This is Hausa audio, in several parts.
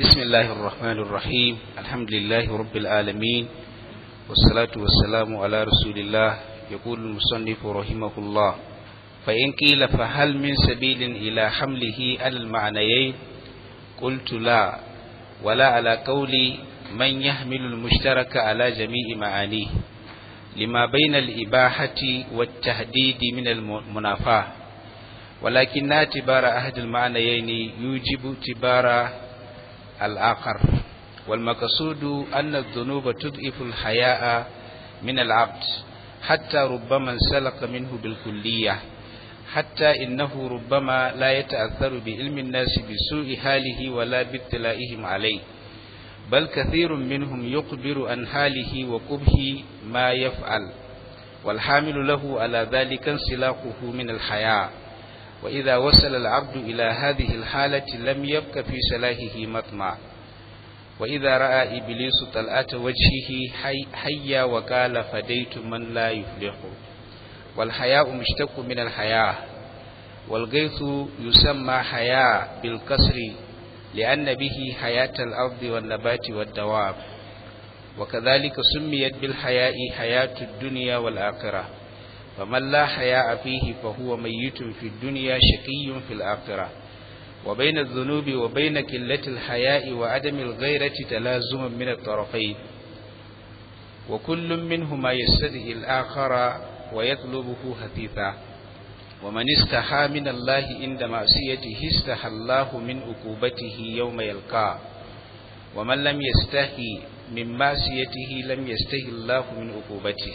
بسم الله الرحمن الرحيم الحمد لله رب العالمين والصلاة والسلام على رسول الله يقول المصنف رحمه الله فإن قيل فهل من سبيل إلى حمله على المعنيين قلت لا ولا على قولي من يحمل المشترك على جميع معانيه لما بين الإباحة والتهديد من المنافاة ولكن اعتبار أحد المعنيين يوجب اعتبار الآخر والمقصود أن الذنوب تضعف الحياء من العبد حتى ربما انسلق منه بالكلية حتى إنه ربما لا يتأثر بعلم الناس بسوء حاله ولا بابتلائهم عليه بل كثير منهم يقبر عن حاله وكبه ما يفعل والحامل له على ذلك انسلاقه من الحياه وإذا وصل العبد إلى هذه الحالة لم يبق في سلاهه مطمع وإذا رأى إبليس طلعة وجهه حي حيا وقال فديت من لا يفلح والحياء مشتق من الحياة والغيث يسمى حياء بالكسر لأن به حياة الأرض والنبات والدواب وكذلك سميت بالحياء حياة الدنيا والآخرة فمن لا حياء فيه فهو ميت في الدنيا شقي في الآخرة وبين الذنوب وبين قلة الحياء وعدم الغيرة تلازم من الطرفين وكل منهما يستدعي الآخر ويطلبه حثيثا ومن استحى من الله عند معصيته استحى الله من عقوبته يوم يلقاه ومن لم يستحي من معصيته لم يستحي الله من عقوبته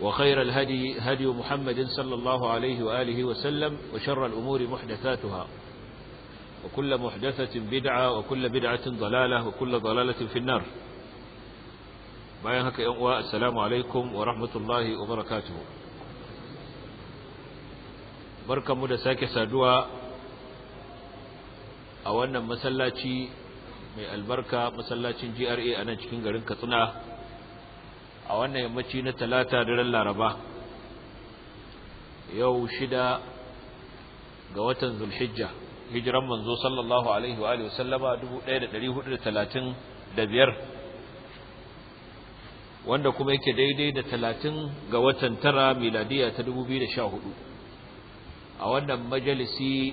وخير الهدي هدي محمد صلى الله عليه وآله وسلم وشر الأمور محدثاتها وكل محدثة بدعة وكل بدعة ضلالة وكل ضلالة في النار بايهك يوم السلام عليكم ورحمة الله وبركاته بركة مدساك سادوا أولا مسلاتي من البركة مسلاتي جي ار اي أنا جكين غرين كتناه a wannan yammaci na talata daren laraba yau shida ga watan zulhijja hijiran manzo sallallahu alaihi wa alihi wasallama 1435 wanda kuma yake daidai da talatin ga watan tara miladiya ta 2014 a wannan majalisi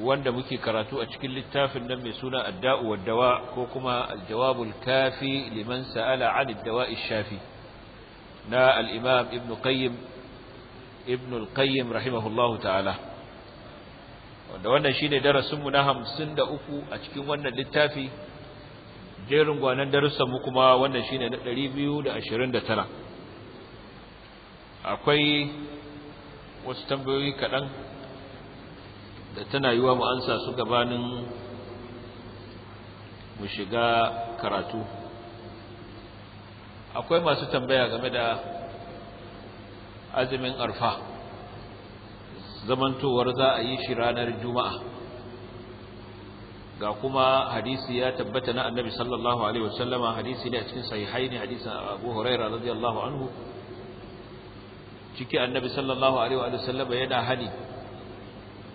wanda muke karatu a cikin littafin nan mai suna adda'u wa dawa ko kuma aljawabul kafi liman sa'ala 'an ad-dawa'i shafi na al-imam ibn qayyim ibn al-qayyim rahimahullahu ta'ala wanda wannan shine darasin mu na 53 a cikin wannan littafi jerin gwanan darussan mu kuma wannan shine na 229 akwai wasu tambayoyi kaɗan da tana yiwa mu ansa su gabanin mu shiga karatu akwai masu tambaya game da azumin arfa zamantowar za a yi shi ranar juma'a ga kuma hadisi ya tabbata na annabi sallallahu alaihi wasallama hadisi ne a cikin sahihaini hadisin abu huraira radiyallahu anhu ciki annabi sallallahu alaihi wasallama yana hani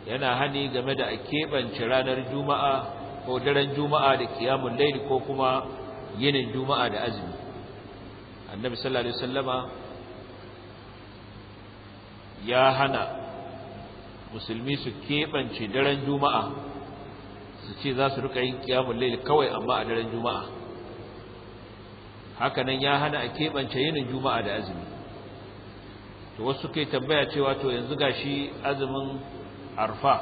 yana hani game da a keɓance ranar juma'a ko daren juma'a da kiyamun laili ko kuma yinin juma'a da azumi annabi sallallahu alaihi wasallama ya hana musulmi su keɓance daren juma'a su ce za su rika yin kiyamun laili kawai amma a daren juma'a hakanan ya hana a keɓance yinin juma'a da azumi to wasu kai tambaya cewa to yanzu gashi azumin arfa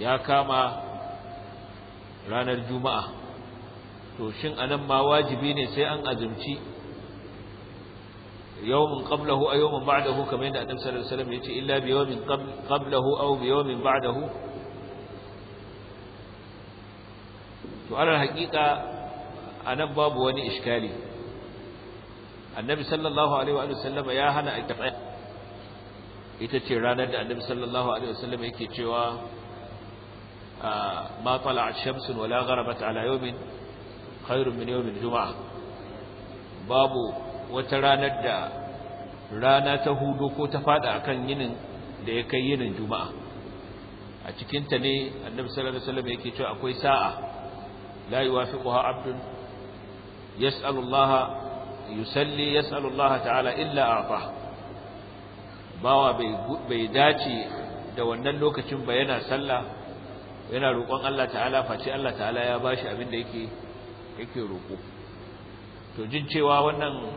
ya kama ranar juma'a to shin anan ma wajibi ne sai an azumci yawmin qablahu aw yawmin ba'dahu kamar yadda annabi sallallahu alaihi wasallam yace illa bi yawmin qablahu aw bi yawmin ba'dahu to alal haqiqa anan babu wani iskali annabi sallallahu alaihi wa sallam ya hana aikata ita ce ranar da annabi sallallahu alaihi wasallam yake cewa ah, ma tala'at shamsun wala gharabat ala yawmin khairun min yawmin juma'a babu wata ranar da rana ta hudu ko ta fada akan yinin da ya kai yinin juma'a a cikin ta ne annabi sallallahu alaihi wasallam yake cewa akwai sa'a la yuwafiquha abdun yas'alu Allah yusalli yas'alu Allah ta'ala illa a'tahu bawa bai dace da wannan lokacin ba yana sallah yana roƙon Allah ta'ala face Allah ta'ala ya bashi abin da yake yake roƙo to jin cewa wannan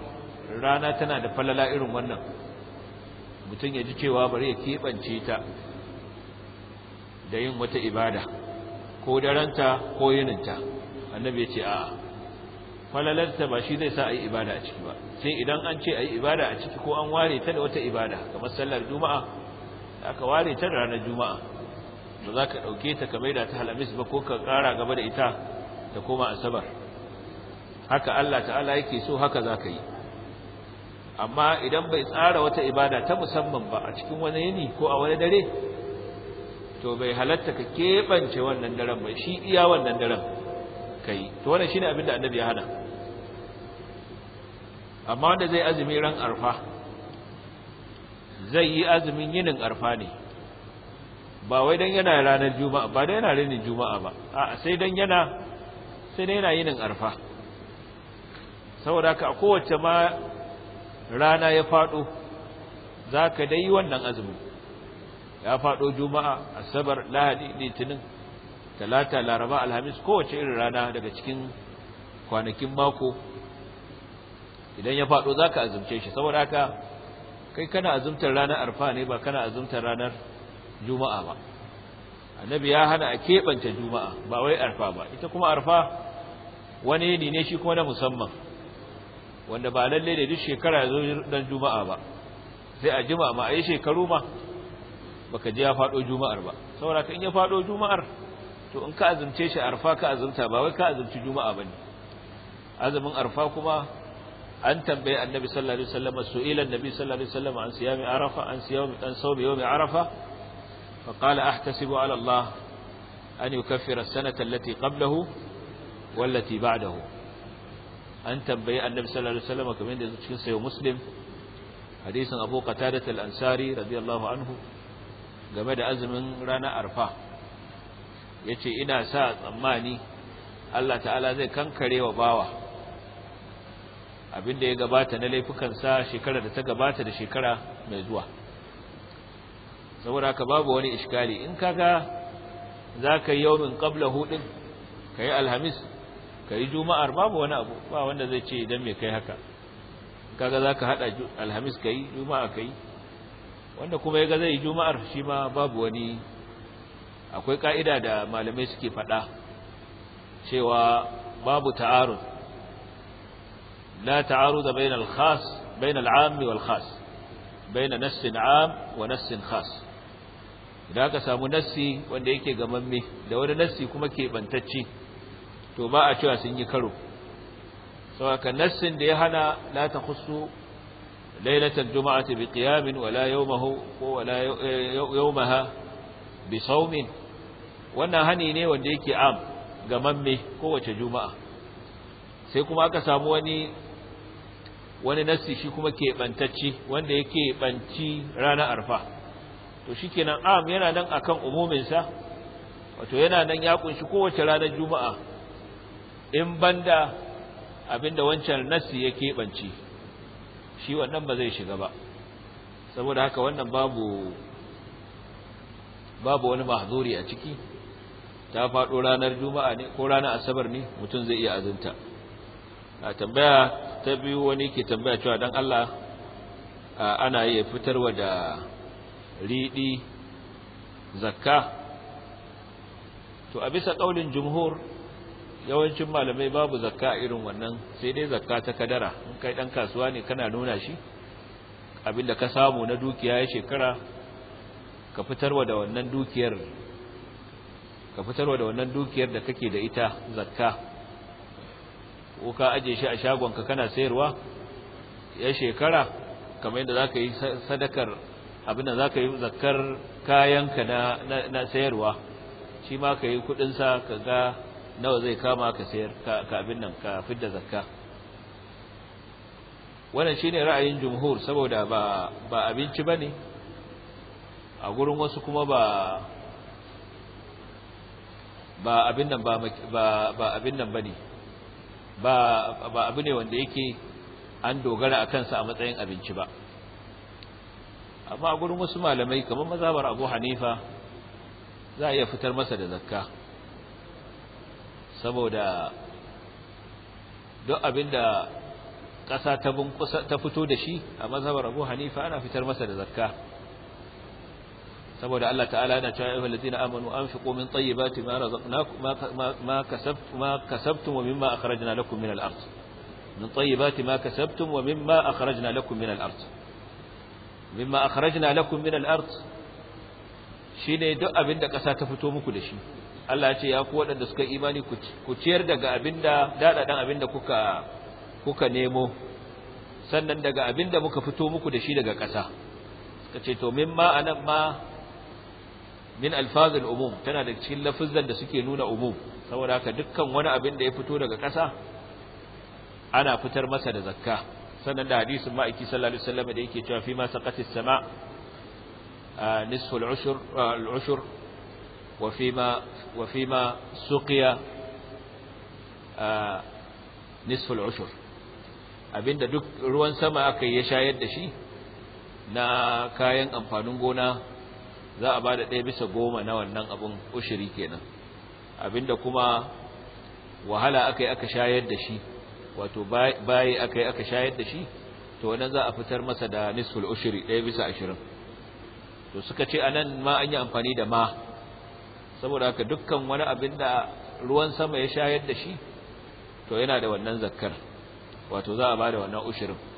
rana tana da falala irin wannan mutum ya ji cewa bari ya keɓance ta da yin wata ibada ko daranta ko yininta annabi ya ce a'a falalarta ba shi zai sa a yi ibada a ciki ba sai idan an ce a yi ibada a ciki ko an ware ta da wata ibada kamar sallar juma'a aka ware ta da ranar juma'a ba za ka ɗauke ta ka maida ta halamis ba ko ka ƙara gaba da ita ta koma asabar haka Allah ta'ala yake so haka za ka yi amma idan bai tsara wata ibada ta musamman ba a cikin wani yini ko a wani dare to bai halatta ka keɓance wannan daren ba shi iya wannan daren ka to wannan shine abin annabi ya hana amma wanda zai azumi ran arfa zai yi azumin yinin arfa ne ba wai dan yana ranar juma'a ba dan yana ranar juma'a ba a'a sai dan yana sai dan yana yinin arfa saboda ka a kowace ma rana ya fado zaka dai wannan azumi ya fado juma'a asabar lahadi litinin talata laraba alhamis kowace irin rana daga cikin kwanakin mako idan ya faɗo za ka azumce shi saboda haka kai kana azumtar ranar arfa ne ba kana azumtar ranar juma'a ba annabi ya hana a keɓanta juma'a ba wai arfa ba ita kuma arfa wani yini ne shi kuma na musamman wanda ba lalle da duk shekara ya zo dan juma'a ba sai a juma'a ma a yi shekaru ma baka je ya faɗo juma'ar ba saboda in ya faɗo juma'ar to in ka azumce shi arfa ka azumta ba wai ka azumci juma'a ba ne azumin arfa kuma an tambayi annabi sallallahu alaihi wasallam su'ila nabi sallallahu alaihi wasallam an siyami arafa an siyami an sawmi yawmi arafa fa qala ahtasibu ala Allah an yukaffira as-sanata allati qablahu wallati ba'dahu an tambayi annabi sallallahu alaihi wasallam kamar yadda cikin sayo muslim hadisin abu qatadah al-ansari radiyallahu anhu game da azumin rana arfa yace ina sa tsammani Allah ta'ala zai kankare wa bawa abinda ya gabata na laifukansa shekara da ta gabata da shekara mai zuwa saboda ka babu wani iskali in kaga za ka yi kabla hudun ka yi alhamis ka yi juma'ar babu wani abu ba wanda zai ce idan me kai haka kaga za ka haɗa alhamis ka yi juma'a yi wanda kuma ya ga zai juma'ar shi ma babu wani akwai ka'ida da malamai suke fada cewa babu ta'arun. لا تعارض بين الخاص بين العام والخاص بين نص عام ونص خاص idan ka samu nassi wanda yake gamamme da wani nassi kuma ke bantacce to ba a cewa sun yi karo saboda nassin da ya hana la ta takhussu lailatul juma'ati biqiyamin wala yawmahu wala yawmaha bi bisawmin wannan hani ne wanda yake am gamamme kowace juma'a sai kuma aka samu wani wani nassi shi kuma keɓantacce wanda ya keɓanci ranar arfa to shi kenan am yana nan akan umuminsa wato yana nan ya kunshi kowace ranar juma'a in banda abinda wancan nasi ya keɓanci shi wannan ba zai shiga ba saboda haka wannan babu babu wani mahzuri a ciki ta faɗo ranar juma'a ne ko ranar asabar ne mutum zai iya azunta a tambaya ta biyu wani ke tambaya cewa dan Allah ana iya fitarwa da riɗi zakka to a bisa ƙaunin jumhur yawancin malamai babu zakka irin wannan sai dai zakka ta kadara in kai ɗan kasuwa ne kana nuna shi abinda ka samu na dukiya ya shekara ka fitarwa da wannan dukiyar ka fitarwa da wannan dukiyar da kake da ita zakka ko ka aje shi a shagonka kana sayarwa ya shekara kamar yadda za ka yi sadakar abin da za ka yi zakar kayanka na, na, sayarwa shi ma ka yi kudinsa ka ga nawa zai kama ka sayar ka abin nan ka fidda zakka wannan shine ra'ayin jumhur saboda ba ba abinci bane a gurin wasu kuma ba ba abin nan ba ba abin nan bane ba abu ne wanda yake an dogara a kansa a matsayin abinci ba amma a gurin wasu malamai kamar mazabar Abu Hanifa za a iya fitar masa da zakka saboda duk abinda ƙasa ta fito da shi a mazabar Abu Hanifa ana fitar masa da zakka saboda Allah ta'ala yana cewa ayyuhal ladina amanu anfiqu min tayyibati ma razaqnakum ma kasabtum ma kasabtum wa mimma akhrajna lakum min al-ard min tayyibati ma kasabtum wa mimma akhrajna lakum min al-ard mimma akhrajna lakum min al-ard shine duk abinda kasa ta fito muku da shi Allah ya ce ya ku waɗanda suka imani ku ciyar daga abinda dadadan abinda kuka kuka nemo sannan daga abinda muka fito muku da shi daga kasa kace to mimma anan ma min alfazil umum tana da cikin lafazan da suke nuna umum saboda haka dukkan wani abin da ya fito daga ƙasa ana fitar masa da zakka sannan da hadisin ma'aiki sallallahu alaihi wasallam da yake cewa fi ma saqatis sama nisfu al-ushur al-ushur wa fi ma wa fi ma suqiya nisfu ushur abinda duk ruwan sama aka yi ya shayar da shi na kayan amfanin gona za a da ɗaya bisa goma na wannan abin ushiri kenan abinda kuma wahala aka yi aka shayar da shi wato bayi akai aka shayar da shi to wannan za a fitar masa da nisful ushiri ɗaya bisa ashirin to suka ce anan ma an yi amfani da ma saboda haka dukkan wani abin da ruwan sama ya shayar da shi to yana da wannan zakkar wato za a bada wannan ushirin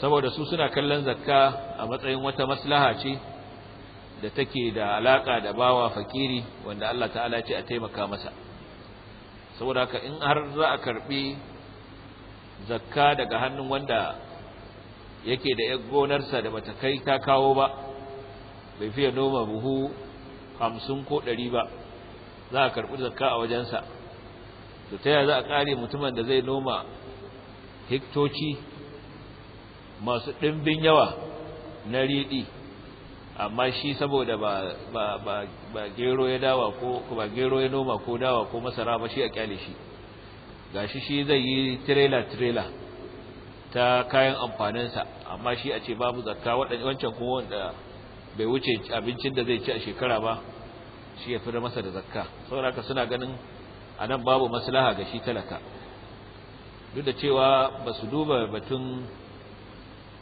saboda su suna kallon zakka a matsayin wata maslaha ce da take da alaka da bawa fakiri wanda Allah ta'ala ce a taimaka masa saboda haka in har za a karbi zakka daga hannun wanda yake da yan gonarsa da bata kai ta kawo ba bai fiye noma buhu hamsin ko ɗari ba za a karɓi zakka a wajensa to ta yaya za a kare mutumin da zai noma hektoci masu ɗimbin yawa na riɗi amma shi saboda ba gero ya dawa ko ba gero ya noma ko dawa ko masara ba shi a kyale shi gashi shi zai yi tirela tirela ta kayan amfaninsa amma shi a ce babu zakka wancan kuma wanda bai wuce abincin da zai ci a shekara ba shi ya fira masa da zakka saboda suna ganin a nan babu maslaha ga shi talaka duk da cewa ba su duba batun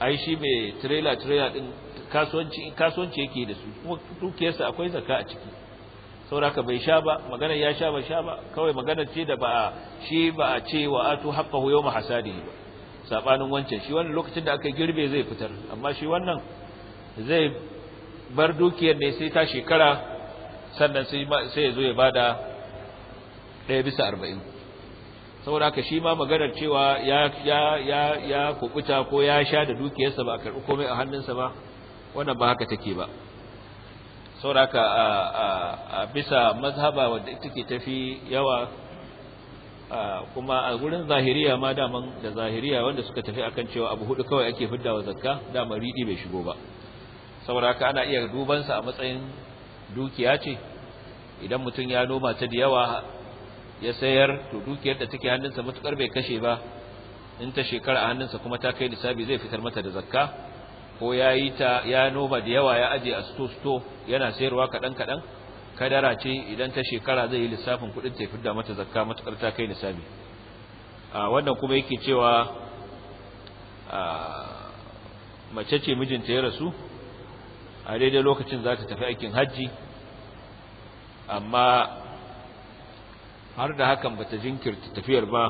ai shi mai trailer trailer din kasuwanci kasuwanci yake da su kuma dukiyarsa akwai zaka a ciki sauraka bai sha ba magana ya sha ba sha ba kawai magana ce da ba shi ba a ce wa atu haqqahu yawma hasadi ba sabanin wancan shi wannan lokacin da aka girbe zai fitar amma shi wannan zai bar dukiyar ne sai ta shekara sannan sai ya zo ya bada ɗaya bisa arba'in saboda ka shi ma maganar cewa ya ya ya ya kubuta ko ya sha da dukiyarsa ba a karbi komai a hannunsa ba wannan ba haka take ba saboda ka a bisa mazhaba wanda take tafi yawa kuma a gurin zahiriya ma daman da zahiriya wanda suka tafi akan cewa abu hudu kawai ake fidda wa zakka ma ridi bai shigo ba saboda ka ana iya dubansa sa a matsayin dukiya ce idan mutum ya noma ta da yawa ya sayar to dukiyar da take hannunsa matukar bai kashe ba in ta shekara a hannunsa kuma ta kai nisabi zai fitar mata da zakka ko ya yi ta ya noma da yawa ya aje a sto sto yana sayarwa kaɗan kaɗan kadara ce idan ta shekara zai yi lissafin kuɗin ta fitar da mata zakka matukar ta kai nisabi a wannan kuma yake cewa mace ce mijinta ya rasu a daidai lokacin za ta tafi aikin hajji amma har da hakan bata jinkirta tafiyar ba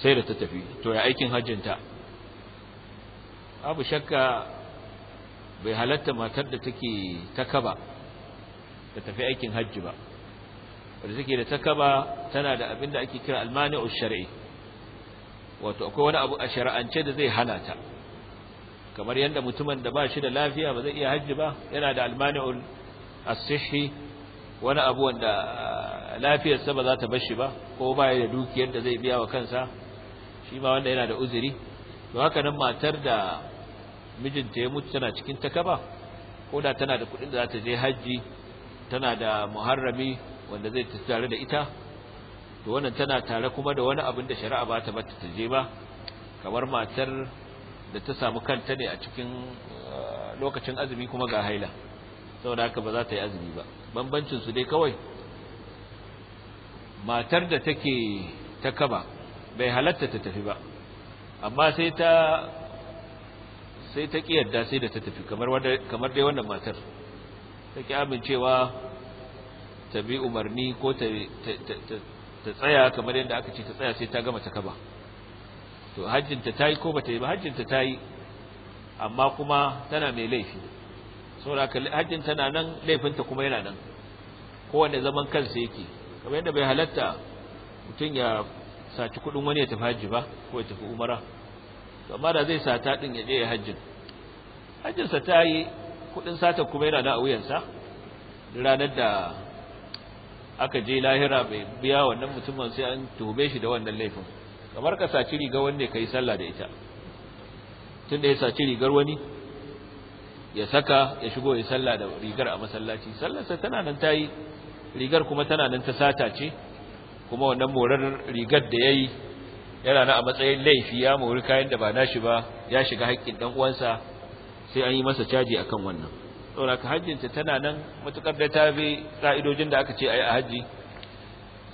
sai da ta tafi to ya aikin hajjinta abu shakka bai halatta matar da take takaba ta tafi aikin hajji ba wadda take da takaba tana da abin da ake kira almani'u shar'i wato akwai wani abu a shari'ance da zai hana ta kamar yadda mutumin da ba shi da lafiya ba zai iya hajji ba yana da almani'ul as-sihhi wani abu wanda ah, lafiyarsa ba za ta bashi ba ko ba ya da dukiyar da zai biya wa kansa shi ma wanda yana da uzuri to haka nan matar da mijinta ya mutu tana cikin takaba ko da tana da kuɗin da za ta je hajji tana da muharrami wanda zai ta tare da ita to wannan tana tare kuma da wani abin da shari'a ba ta bata ta je ba kamar matar da ta samu kanta ne a cikin ah, lokacin azumi kuma ga haila saboda haka ba za ta yi azumi ba bambancin su dai kawai matar da take ta kaba bai halatta ta tafi ba amma sai ta sai ta kiyarda sai da ta tafi kamar wanda kamar dai wannan matar take amincewa ta bi umarni ko ta ta tsaya kamar yadda aka ce ta tsaya sai ta gama ta kaba to hajjinta ta yi ko ba ta yi ba hajjinta ta yi amma kuma tana mai laifi saboda hajjin tana nan laifinta kuma yana nan kowane zaman kansa yake kamar yadda bai halatta mutum ya saci kudin wani ya tafi hajji ba ko ya tafi umara amma da zai sata din ya je ya hajjin hajjinsa ta yi kudin sata kuma yana na a wuyansa ranar da aka je lahira bai biya wannan mutumin sai an tuhume shi da wannan laifin kamar ka saci rigar wanda ka yi sallah da ita tun da ya saci rigar wani ya saka ya shigo ya salla da rigar a masallaci sallarsa tana nan tayi rigar kuma tana nan ta sata ce kuma wannan morar rigar da yayi yana nan a matsayin laifi ya mori kayan da ba nashi ba ya shiga haƙƙin dan uwansa sai an yi masa caji akan wannan saboda ka hajjinta tana nan matukar da ta bi ka'idojin da aka ce ayi a haji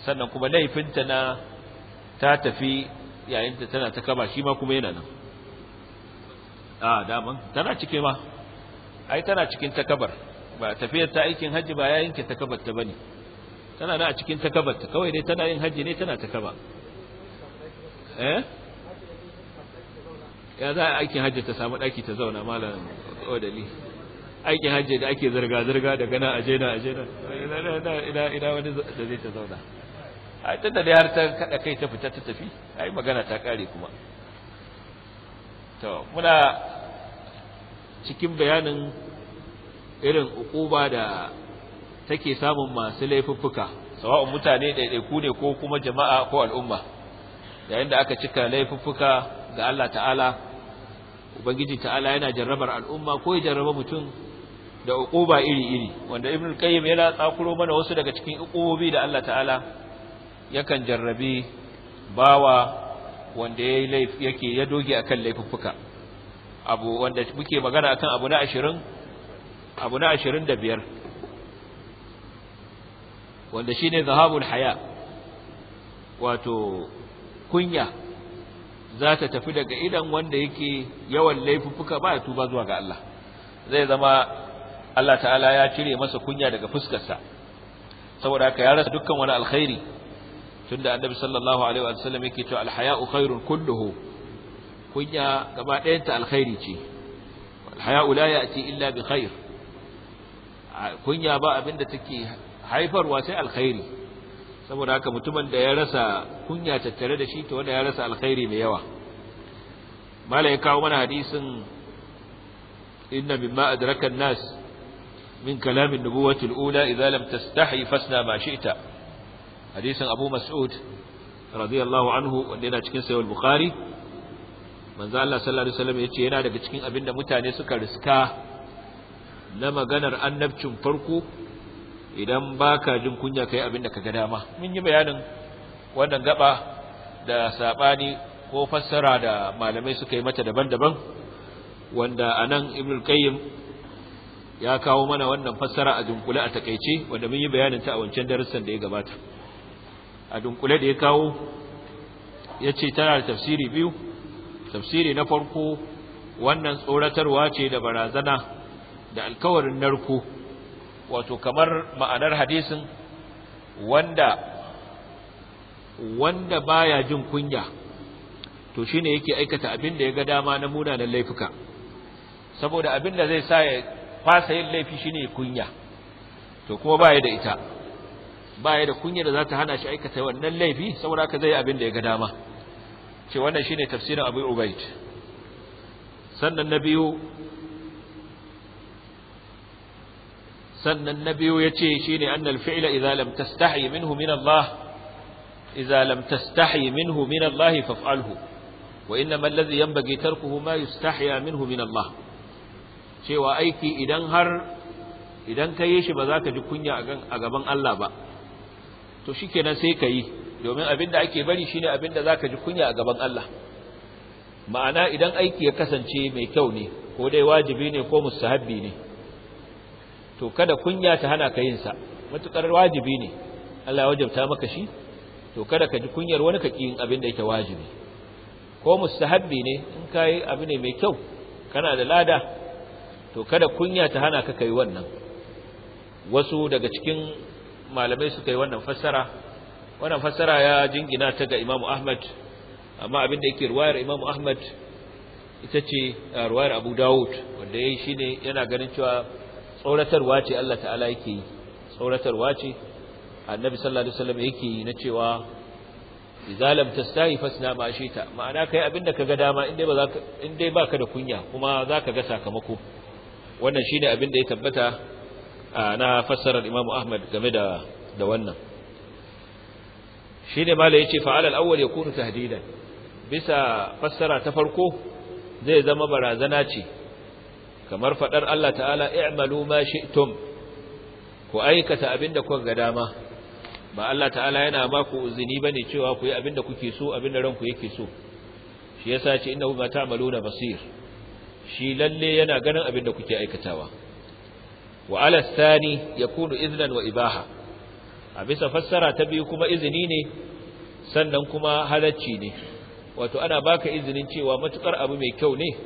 sannan kuma laifinta na ta tafi yayin ta tana ta kaba shi ma kuma yana nan a ah, daman tana cike ma ai tana cikin takabar ba tafiyar ta aikin hajji ba ya yanke takabar ta bane tana na a cikin takabar ta kawai dai tana yin hajji ne tana takaba eh ya za a aikin hajji ta samu daki ta zauna malam odali aikin hajji da ake zirga zirga daga na aje na aje na ina ina wani da zai ta zauna a tunda dai har ta kada kai ta fita ta tafi ai magana ta kare kuma to muna cikin bayanin irin ukuba da take samun masu laifuffuka sawa'un mutane ɗaiɗaiku ne ko kuma jama'a ko al'umma yayin da aka cika laifuffuka ga Allah ta'ala ubangiji ta'ala yana jarrabar al'umma ko ya jarraba mutum da ukuba iri-iri wanda ibn qayyim yana tsakuro mana wasu daga cikin ukubobi da Allah ta'ala yakan jarrabi bawa wanda yake ya doge akan laifuffuka abu wanda muke magana akan abu na 20 abu na 25 wanda shine zahabul haya wato kunya za ta tafi daga idan wanda yake yawan laifuffuka ba ya tuba zuwa ga Allah zai zama Allah ta'ala ya cire masa kunya daga fuskarsa saboda haka ya rasa dukkan wani alkhairi tunda annabi sallallahu alaihi wasallam yake cewa alhaya'u khairun kulluhu kunya gaba ɗayanta alkhairi ce alhaya'u ya ya'ti illa bi khair kunya ba abinda take haifarwa sai alkhairi saboda haka mutumin da ya rasa kunya tattare da shi to wanda ya rasa alkhairi mai yawa ya kawo mana hadisin inna mimma adraka nas min kalamin an-nubuwati al-ula idza lam tastahi fasna ma shi'ta hadisin abu mas'ud radiyallahu anhu wanda yana cikin sahih al-bukhari manzo Allah sallallahu alaihi wasallam yace yana daga cikin abin da mutane suka riska na maganar annabcin farko idan baka jin kunya kai abin da kaga dama mun yi bayanin wannan gaba da sabani ko fassara da malamai suka yi mata daban-daban wanda anan ibnu qayyim ya kawo mana wannan fassara a dunkule a takeice wanda mun yi bayanin ta a wancan darasin da ya gabata a dunkule da ya kawo yace tana da tafsiri biyu tafsiri na farko wannan tsoratarwa ce da barazana da alkawarin narko wato kamar ma'anar hadisin wanda wanda baya jin kunya to shine yake aikata abin da ya ga dama na munanan laifuka saboda abin da zai sa ya fasa yin laifi shine kunya to kuma baya da ita baya da kunya da za ta hana shi aikata wannan laifi saboda haka zai abin da ya ga dama ce wannan shine tafsirin abu Ubayd sannan nabiyu sannan nabiyu yace shine annal fi'la idza lam tastahi minhu min Allah idza lam tastahi minhu min Allah faf'alhu wa innama alladhi yanbaghi tarkuhu ma yastahiya minhu min Allah cewa aiki idan har idan ka shi ba za ka ji kunya a gaban Allah ba to shikenan sai ka yi domin abin da ake bari shine abin da zaka ji kunya a gaban Allah ma'ana idan aiki ya kasance mai kyau ne ko dai wajibi ne ko mustahabbi ne to kada kunya ta hana ka yin sa wajibi ne Allah ya wajabta maka shi to kada ka ji kunyar wani ka abin da yake wajibi ko mustahabbi ne in kai abu ne mai kyau kana da lada to kada kunya ta hana ka kai wannan wasu daga cikin malamai suka yi wannan fassara wannan fassara ya jingina ta ga Imam Ahmad amma abin da yake ruwayar Imam Ahmad ita ce ruwayar Abu Dawud wanda yayi shine yana ganin cewa tsoratarwa ce Allah ta'ala yake yi tsoratarwa ce annabi sallallahu alaihi wasallam yake yi na cewa idza lam tastahi fasna ma shita ma'ana kai abin da kaga dama indai ba ka indai baka da kunya kuma za ka ga sakamako wannan shine abin da ya tabbata na fassarar Imam Ahmad game da da wannan shine mala yace fa'al awal awwal yakunu tahdidan bisa fassara ta farko zai zama barazana ce kamar faɗar Allah ta'ala i'malu ma shi'tum ku aikata abinda kuka ga dama ba Allah ta'ala yana ba ku uzini ne cewa ku yi abinda kuke so abinda ranku yake so shi yasa ce mata ma ta'maluna basir shi lalle yana ganin abinda kuke aikatawa wa Sani ya kunu iznan wa ibaha a bisa fassara ta biyu kuma izini ne sannan kuma halacci ne wato ana baka izinin cewa matukar abu mai kyau ne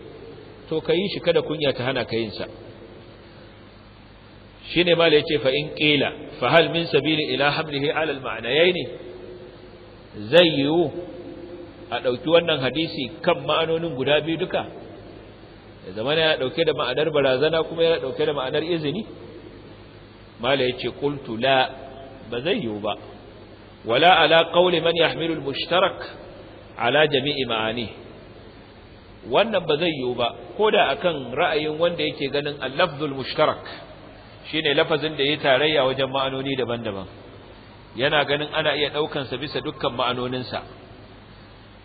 to ka yi shi kada kunya ta hana ka yinsa shi ne mala ya ce fa'in ƙila fa hal min sabili ila hamlihi alal ma'anayai ne zai yiwu a ɗauki wannan hadisi kan ma'anonin guda biyu duka da zamana ya ɗauke da ma'anar barazana kuma ya ɗauke da ma'anar izini mala ya ce ƙultu la ba zai yiwu ba wala ala ƙauli man yahmilu al-mushtarak ala jami'i ma'ani wannan ba zai yiwu ba ko da akan ra'ayin wanda yake ganin al-lafzul mushtarak shine lafazin da ya tarayya wajen ma'anoni daban-daban yana ganin ana iya ɗaukansa sa bisa dukkan ma'anonin sa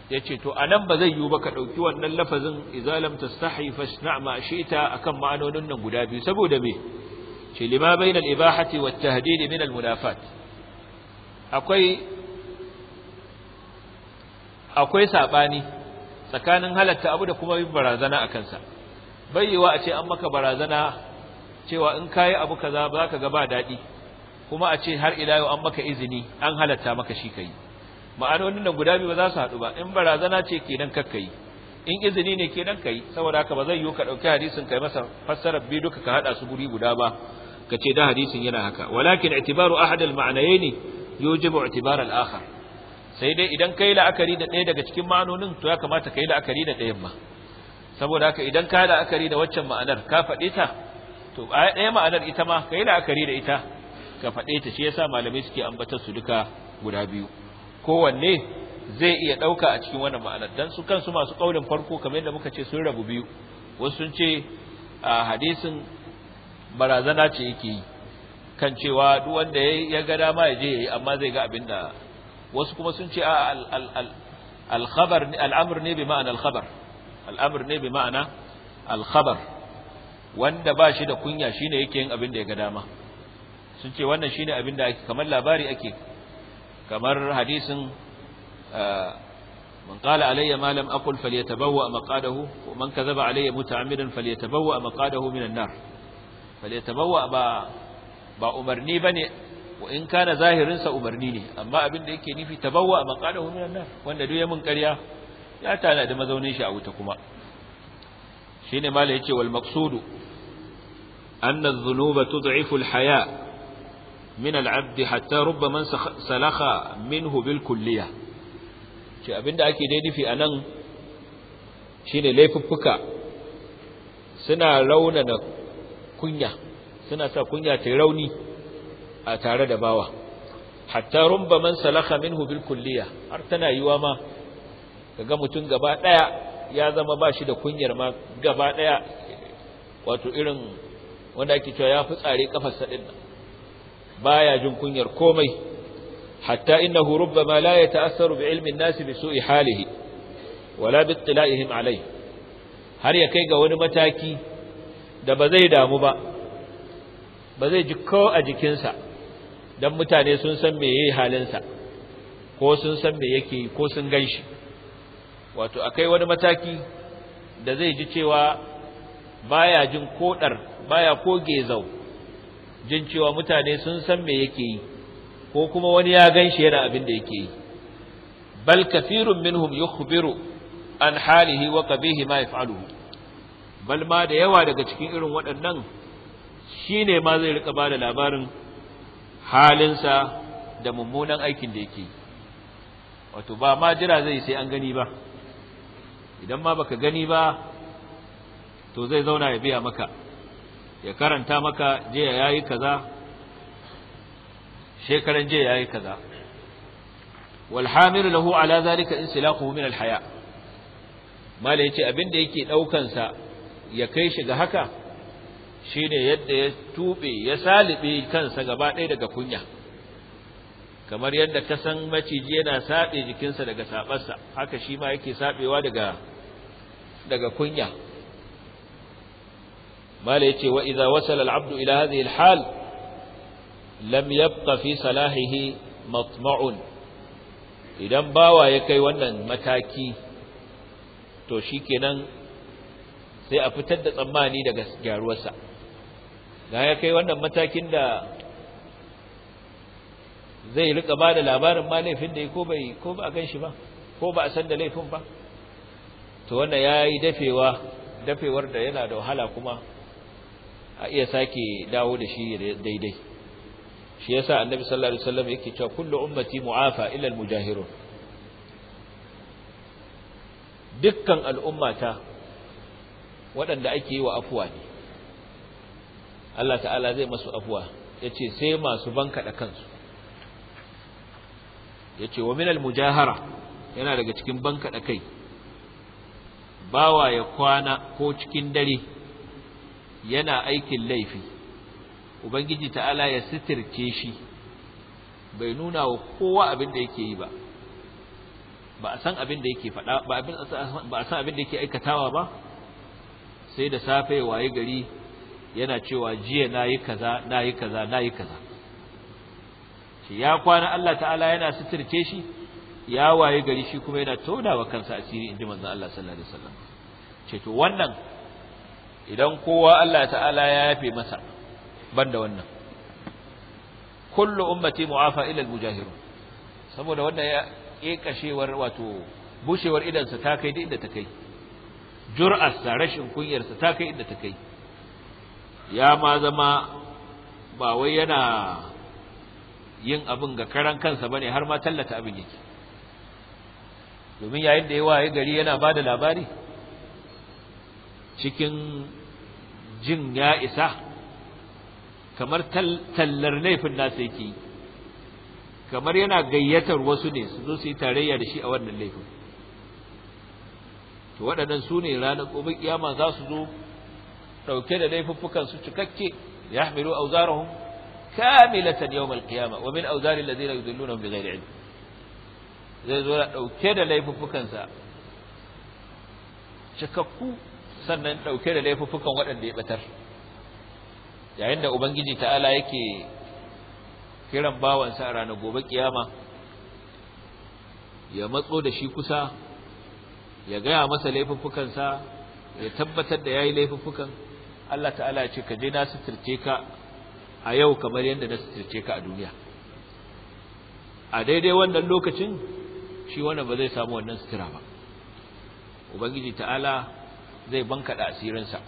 ya ce to a nan ba zai yiwu ba ka ɗauki wannan lafazin izalam ta sahi fashna ma shi ita a ma'anonin nan guda biyu saboda me في لما بين الإباحة والتهديد من المنافات munafat akwai akwai sabani tsakanin أكنسا abu da kuma yin kansa a cewa in kai abu kaza ba ka ga ba dadi kuma a ce har ila yau an maka izini an halatta maka shi kai ma'anonin da guda biyu ba za su haɗu ba in barazana ce kenan kakkai in izini ne kenan kai saboda haka ba zai yiwu ka dauki hadisin kai masa fassarar biyu duka ka hada su guri guda ba kace da hadisin yana haka walakin i'tibaru ahad al-ma'nayaini yujibu i'tibar al sai dai idan kai la'akari da ɗaya daga cikin ma'anonin to ya kamata kai la'akari da ɗayan ma saboda haka idan ka la'akari da waccan ma'anar ka faɗe ta to ɗaya ma'anar ita ma kai la'akari da ita ka faɗe ta shi yasa malamai suke ambatar su duka guda biyu kowanne zai iya ɗauka a cikin wannan ma'anar dan su kansu masu ƙaulin farko kamar da muka ce sun rabu biyu wasu sun ce a hadisin barazana ce yake yi kan cewa duk wanda ya ga dama ya je amma zai ga abin da wasu kuma sun ce a al-khabar al-amr ne bi ma'ana al-khabar al-amr ne bi ma'ana al-khabar wanda ba shi da kunya shine yake yin abin da ya ga dama sun ce wannan shine abin da ake kamar labari ake kamar hadisin ah, man qala alayya ma lam aqul falyatabawwa maqadahu wa man kadhaba alayya muta'ammidan falyatabawwa maqadahu minan nar falyatabawwa ba ba umarni wa in kana zahirinsa umarni ne amma abin da yake nufi tabawwa maqalahu minan nar wanda duk ya mun ƙarya ya tana da mazaunin shi a wuta kuma ne mala ce wal maqsudu anna adh-dhunuba tud'ifu haya min al'abdi hatta hatta rubbama salaka minhu bil kulliya. ce abinda ake dai nufi anan ne laifuffuka suna raunana kunya suna sa kunya ta rauni a tare da bawa hatta rumba man salakha minhu bil kulliya har tana yiwa ma kaga mutun gaba daya ya zama bashi da kunyar ma gaba daya wato irin wanda ake cewa ya fi tsare kafar kafarsa din baya jin kunyar komai hatta innahu rubbama la yata'assaru bi ilmi an-nas bi su'i halihi wala bi ittila'ihim alayhi har ya kai ga wani mataki da ba zai damu ba ba zai ji ko a jikinsa don mutane sun san me yayi halinsa ko sun san me yake yi ko sun gan wato akai wani mataki da zai ji cewa baya jin kodar baya ko gezau jin cewa mutane sun san me yake yi ko kuma wani ya ganshi yana abin da yake yi bal kafirun minhum yukhbiru an halihi wa qabihi ma yaf'aluhu bal ma da yawa daga cikin irin waɗannan shine ma zai rika ba da labarin halinsa da mummunan aikin da yake wato ba ma jira zai sai an gani ba idan ma baka gani ba to zai zauna ya biya maka ya karanta maka je ya yi kaza shekaran jiya ya yi kaza wal hamir lahu ala zalika insilaquhu min al haya mala yace abinda yake daukan sa ya kai shi ga haka shine yadda ya tube ya salibe kansa gaba ɗaya daga kunya kamar yadda ka san maciji yana saɓe jikinsa daga saɓarsa haka shi ma yake saɓewa daga daga kunya mala yace wa idza wasala al-abdu ila hadhihi al lam yabqa fi salahihi matma'un idan bawa ya kai wannan mataki to shikenan sai a fitar da tsammani daga gyaruwarsa da ya kai wannan matakin da zai rika ba da labarin ma laifin da ya ko bai ba a gan shi ba ko ba a san da laifin ba to wannan ya yi dafewa dafewar da yana da wahala kuma a iya sake dawo da shi daidai shi yasa annabi sallallahu alaihi wasallam yake cewa kullu ummati mu'afa illa al-mujahirun dukkan al'ummata waɗanda ake yi wa afuwa ne Allah ta'ala zai masu afuwa yace sai masu bankaɗa kansu yace wa minal mujahara yana daga cikin bankaɗa kai bawa ya kwana ko cikin dare yana aikin laifi ubangiji ta'ala ya sitirce shi bai nuna wa kowa abin da yake yi ba ba a san abin da yake faɗa ba a san abin da yake aikatawa ba sai da safe waye gari yana cewa jiya nayi kaza nayi kaza nayi kaza shi ya kwana Allah ta'ala yana sitirce shi ya waye gari shi kuma yana todawa kansa asiri inji manzon Allah sallallahu alaihi wasallam ce to wannan idan kowa Allah ta'ala ya yafe masa banda wannan kullu ummati mu'afa ila al-mujahirun saboda wannan ya kashewar wato bushewar idan sa ta kai da inda ta kai jur'arsa rashin kunyarsa ta kai inda ta kai ya ma zama ba wai yana yin abin ga karan kansa bane har ma tallata abin yake domin yayin da ya waye gari yana ba da labari cikin jin ya isa kamar tallar laifin nasa yake kamar yana gayyatar wasu ne su zo su yi tarayya da shi a wannan laifin to waɗannan su ne ranar gobe ƙiyama za su zo ɗauke da laifuffukan su cikakke yahmilu awzarahum kamilatan yawm alqiyama wa min awzari alladhina yudilluna bighairi ilm zai zo ɗauke da laifuffukan sa cikakku sannan ɗauke da laifuffukan waɗanda ya batar yayin da ubangiji ta'ala yake kiran bawansa a ranar gobe ƙiyama ya matso da shi kusa ya gaya masa laifuffukansa ya tabbatar da yayi laifuffukan Allah ta'ala ya ce ka je na suturce ka a yau kamar yadda na suturce ka a duniya a daidai wannan lokacin shi wannan ba zai samu wannan sutura ba ubangiji ta'ala zai bankaɗa asirinsa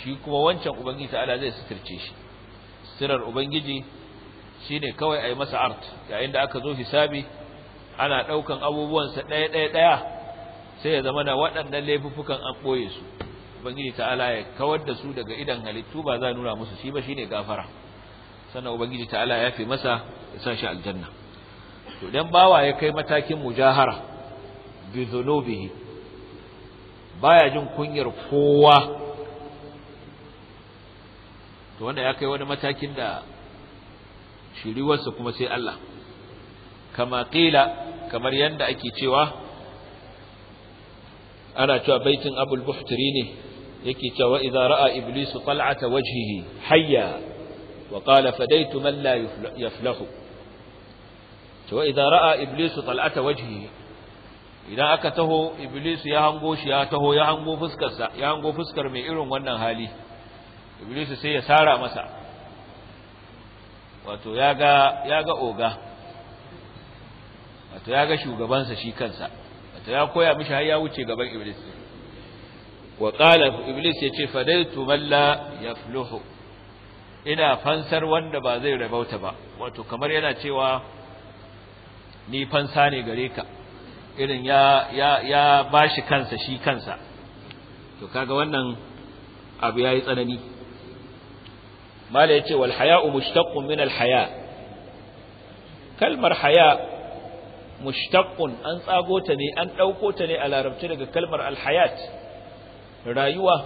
shi kuma wancan ubangiji ta'ala zai suturce shi suturar ubangiji shi ne kawai a yi masa art yayin da aka zo hisabi ana ɗaukan abubuwansa ɗaya ɗaya ɗaya sai ya zama na waɗannan laifuffukan an ɓoye su ubangiji ta'ala ya kawar da su daga idan halittu ba za nuna musu shi ba shine gafara sannan ubangiji ta'ala ya fi masa ya sa shi aljanna to dan bawa ya kai matakin mujahara bi dhunubihi baya jin kunyar kowa to wanda ya kai wani matakin da shiriwarsa kuma sai Allah kama qila kamar yanda ake cewa ana cewa baitin abul buhtiri ne yake cewa idza ra'a iblisu qal'ata wajhihi hayya wa qala fadaitu man la yaflahu cewa idza ra'a iblisu qal'ata wajhihi idan aka taho iblisu ya hango shi ya taho ya hango fuskar sa ya hango fuskar mai irin wannan hali iblisu sai ya sara masa wato ya ga oga wato yaga shugabansa shi kansa da ya koya mishi har ya wuce gaban iblis wa qala iblis yace fadaitu man la yafluhu ina fansar wanda ba zai rabauta ba wato kamar yana cewa ni fansa ne gare ka irin ya ya ya bashi kansa shi kansa to kaga wannan abu yayi tsanani mala yace wal haya'u mushtaqqun min al haya' kalmar haya mushtaqqun an tsago ta ne an ɗauko ta ne a larabci daga kalmar alhayat rayuwa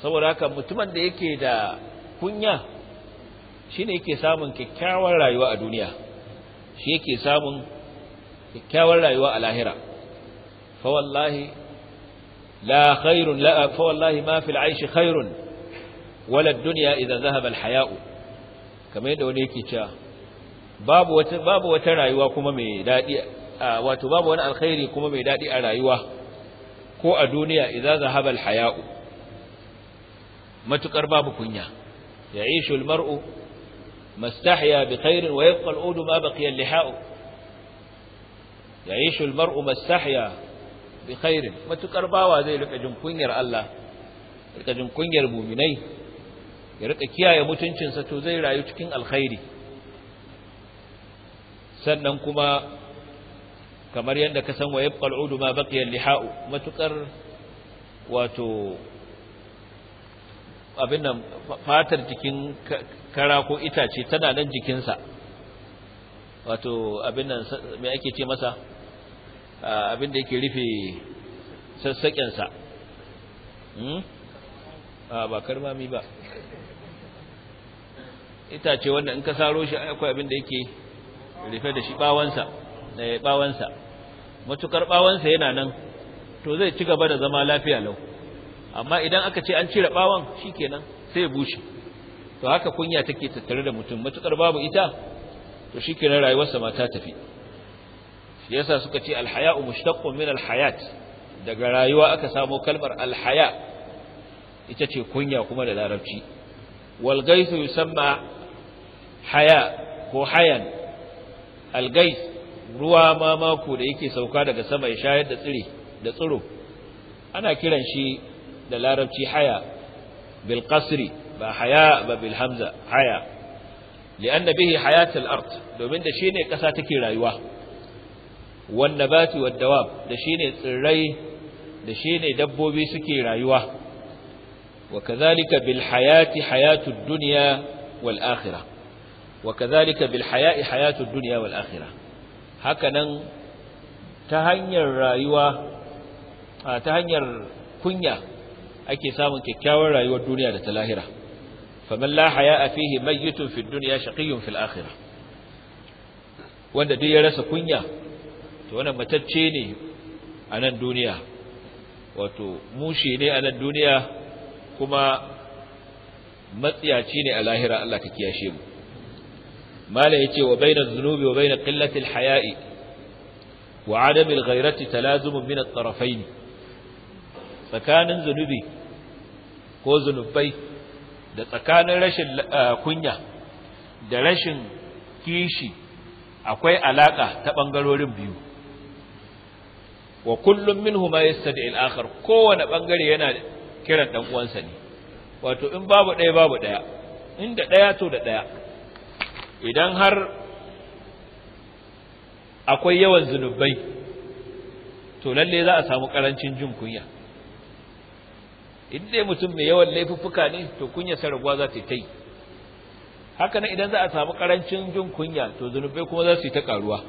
saboda haka mutumin da yake da kunya shine yake samun kyakkyawar rayuwa a duniya shi yake samun kyakkyawar rayuwa a lahira fa wallahi la khairun la fa wallahi ma fil aishi khairun wala ad-dunya idza dhahaba al-haya'u kamar yadda wani yake cewa babu wata babu wata rayuwa kuma mai dadi wato babu wani alkhairi kuma mai daɗi a rayuwa ko a duniya idza zahaba alhaya'u matukar babu kunya ya'ishu almar'u mastahya bikhair wa yabqa al'udu ma baqiya al-liha'u ya'ishu almar'u mastahya bikhair matukar bawa zai rika jin kunyar Allah rika jin kunyar mu'minai ya rika kiyaye mutuncinsa to zai rayu cikin alkhairi sannan kuma kamar yadda ka san wa qal'udu udu ma baqiya liha'u matukar wato abin nan fatar jikin kara ko itace tana nan jikinsa wato abin nan me ake ce masa abin da yake rufe sassaƙensa hmm? ba karmami ba itace wanda in ka saro shi akwai abin da yake rufe da shi bawansa ya eh, bawansa matukar bawansa yana nan to zai ci gaba da zama lafiya lau amma idan aka ce an cire bawan shikenan sai ya bushe to haka kunya take tattare da mutum matukar babu ita to shikenan rayuwarsa ma ta tafi shi yasa suka ce alhaya'u mushtaqqun min alhayat daga rayuwa aka samo kalmar alhaya ita ce kunya kuma da larabci wal gaisu yusamma haya ko hayan algais ruwa mamaku da yake sauka daga sama ya shayar da tsiri da tsiro ana kiran shi da larabci haya bil qasri ba haya ba bil hamza haya li'anna bihi hayatul ard domin da shine kasa take rayuwa wan nabati wad dawab da shine tsirrai da shine dabbobi suke rayuwa wa kadhalika bil hayati hayatud dunya wal akhirah Wakazalika kadhalika bil haya'i hayatud dunya hakanan ta hanyar kunya ake samun kyakkyawar rayuwar duniya da ta lahira faman la haya'a fihi mayyitun fid dunya shaqiyyun fil akhirah wanda duk ya rasa kunya to wannan matacce ne a nan duniya wato mushe ne a duniya kuma matsiyaci ne a lahira Allah ka kiyashe mu ya yace wa baina dhunubi wa baina qillati alhaya'i wa adami alghayrati talazumun min at-tarafayn tsakanin zunubi ko zunubai da tsakanin rashin kunya da rashin kishi akwai alaka ta bangarorin biyu wa kullum minhu ma yastadi al-akhar kowane bangare yana kiran dan uwansa ne wato in babu ɗaya babu ɗaya inda ɗaya to da ɗaya idan har akwai yawan zunubai to lalle za a samu karancin jin kunya idan mutum mai yawan laifuffuka ne to kunya sarrafa za ta yi haka nan idan za a samu karancin jin kunya to zunubai kuma za su yi ta karuwa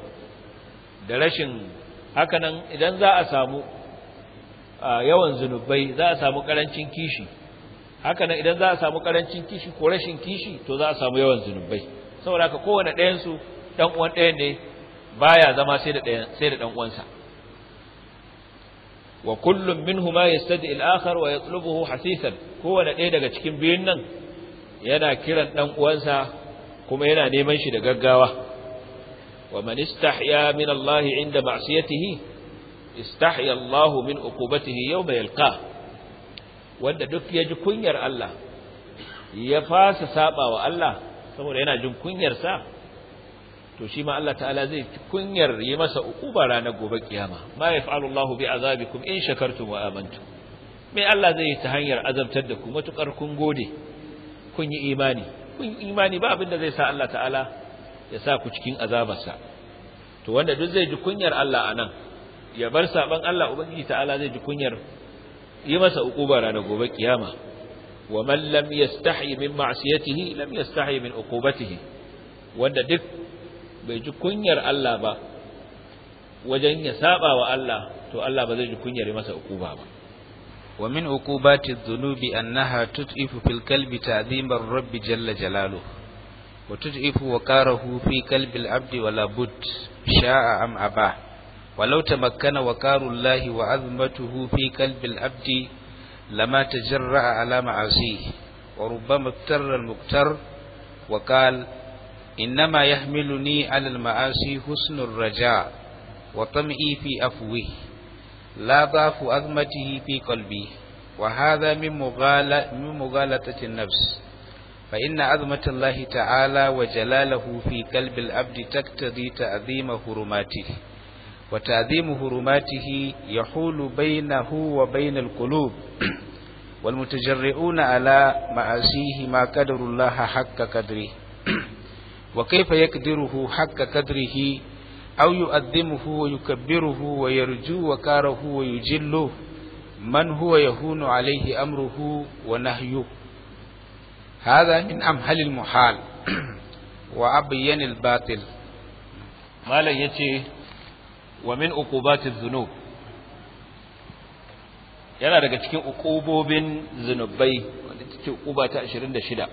da rashin haka nan idan za a samu yawan zunubai za a samu karancin kishi haka nan idan za a samu karancin kishi ko rashin kishi to za a samu yawan zunubai saboda haka kowane ɗayansu su uwan ɗaya ne baya zama sai da ɗan uwansa wa kullum huma ya al ilakar wa yatlubuhu hasisan kowane ɗaya daga cikin biyun nan yana kiran dan uwansa kuma yana neman shi da gaggawa wa man istahya min Allah inda ma'asiyatihi istahya Allah min uqubatihi yawma yalka. wanda duk yaji kunyar Allah ya fasa saba wa Allah saboda yana jin kunyarsa to shi ma Allah ta'ala zai kunyar yi masa ukuba ranar gobe kiyama ma yaf'alu Allahu bi azabikum in shakartum wa amantum me Allah zai yi ta hanyar azabtar da ku matukar kun gode kun yi imani kun yi imani ba abin da zai sa Allah ta'ala ya sa ku cikin azabarsa to wanda duk zai ji kunyar Allah anan ya bar saban Allah ubangiji ta'ala zai ji kunyar yi masa ukuba ranar gobe kiyama wa man lam yastahi min ma'siyatihi lam yastahi min uqubatihi wanda duk bai ji kunyar Allah ba wajen ya saba wa Allah to Allah ba zai ji kunyar masa uquba ba wa min uqubati dhunubi annaha tut'ifu fil qalbi ta'zima ar-rabb jalla jalaluhu wa tut'ifu waqarahu fi qalbi al-'abdi wala bud sha'a am aba wa تمكن وقار الله وعظمته في قلب abdi. لما تجرأ على معاصيه وربما اغتر المغتر وقال إنما يحملني على المعاصي حسن الرجاء وطمئي في أفوه لا ضعف أغمته في قلبي وهذا من مغالة من مغالطة النفس فإن عظمة الله تعالى وجلاله في قلب العبد تقتضي تعظيم حرماته وتعظيم حرماته يحول بينه وبين القلوب والمتجرئون على معاصيه ما قدر الله حق قدره وكيف يقدره حق قدره أو يؤذمه ويكبره ويرجو وكاره ويجله من هو يهون عليه أمره ونهيه هذا من أمهل المحال وأبين الباطل ما لا يتي wa min uqubatiz zunub yana daga cikin uqubobin zunubai wanda take uquba ta 26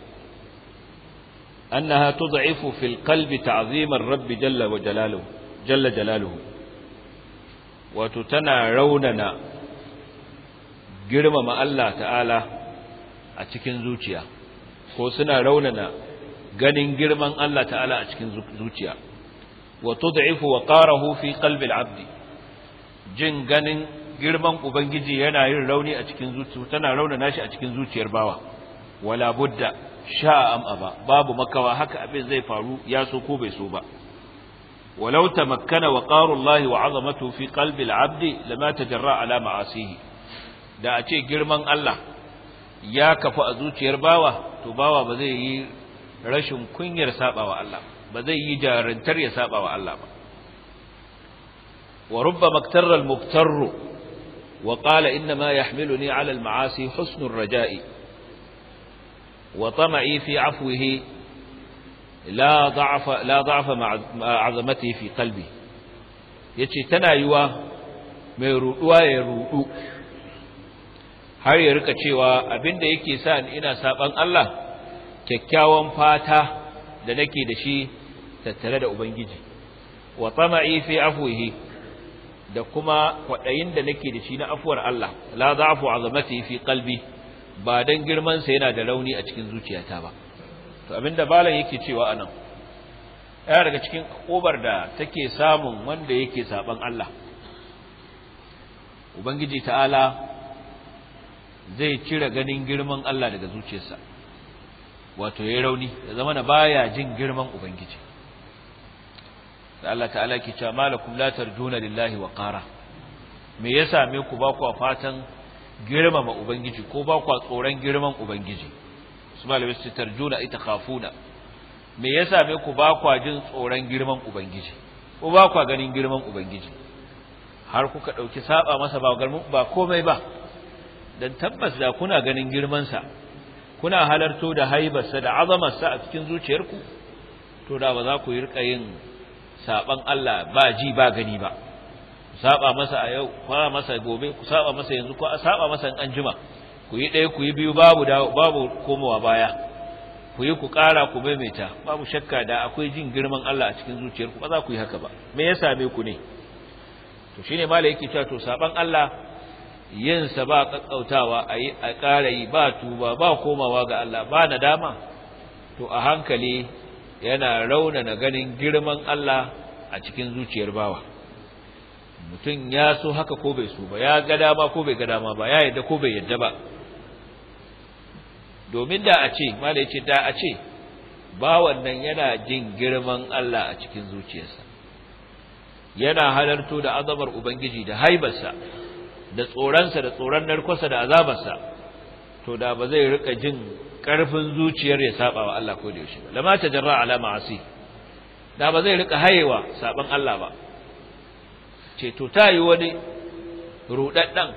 annaha tud'ifu fil qalbi ta'zimar rabbi jalla wa jalaluhu jalla jalaluhu wato tana raunana girmama Allah ta'ala a cikin zuciya ko suna raunana ganin girman Allah ta'ala a cikin zuciya Wato tud'ifu waqarahu fi qalbi al-'abd jin ganin girman ubangiji yana yin rauni a cikin zuciya tana rauna nashi a cikin zuciyar bawa wala budda sha'a am aba babu makawa haka abin zai faru ya so ko bai so ba walau tamakkana waqarullahi wa 'azamatu fi qalbi al lama tajarra ala ma'asihi da a ce girman Allah ya kafa a zuciyar bawa to bawa ba zai yi rashin kunyar sabawa Allah ba zai yi jarantar ya saba wa Allah ba wa rubbama iktarra al-mubtarru wa qala inna ma yahmiluni ala al-ma'asi raja'i wa tama'i fi afwihi la da'afa la da'afa ma'azamati fi qalbi yace tana yiwa mai ruduwa ya rudu har ya rika cewa abinda yake sa ina saban Allah kyakkyawan fata da nake da shi tattare da ubangiji wa tama'i fi afwihi da kuma kwaɗayin da nake da shi na afuwar Allah la za'fu azamati fi kalbi ba don girmansa yana da rauni a cikin zuciyata ba to abinda balan yake cewa anan ɗaya daga cikin ƙobar da take samun wanda yake saɓan Allah ubangiji ta'ala zai cire ganin girman Allah daga zuciyarsa wato ya rauni ya zama na baya jin girman ubangiji da Allah ta'ala ke cewa malakum la tarjuna lillahi wa qara me ya same ku ba ku fatan girmama ubangiji ko ba ku tsoron girman ubangiji su malamai su tarjuna ita khafuna me ya same ku ba ku jin tsoron girman ubangiji ko ba ku ganin girman ubangiji har kuka dauki saba masa ba ba komai ba dan tabbas da kuna ganin girman sa kuna halarto da haibarsa da azamarsa a cikin zuciyarku to da ba za ku yi rika yin saban Allah ba ji ba gani ba saba masa a yau ko masa gobe ku saba masa yanzu ku saba masa an juma ku yi ɗaya ku yi biyu babu babu komowa baya ku yi ku ƙara ku maimaita babu shakka da akwai jin girman Allah a cikin zuciyarku ba za ku yi haka ba me ya same ku ne to shine malai yake cewa to saban Allah yin sa ba kakkautawa ayi a ƙara yi ba tuba ba komawa ga Allah ba nadama to a hankali yana raunana ganin girman Allah a cikin zuciyar bawa mutum ya so haka ko bai so ba ya ga dama ko bai ga dama ba ya yadda ko bai yadda ba domin da a ce mala yace da a ce bawan nan yana jin girman Allah a cikin zuciyarsa yana halarto da azabar ubangiji da haibarsa da tsoronsa da tsoran narkosa da azabarsa to da ba zai rika jin ƙarfin zuciyar ya saba wa Allah ko da yaushe ba lama jarra ala ma'asi da ba zai rika hayewa saban Allah ba ce to ta yi wani rudaddan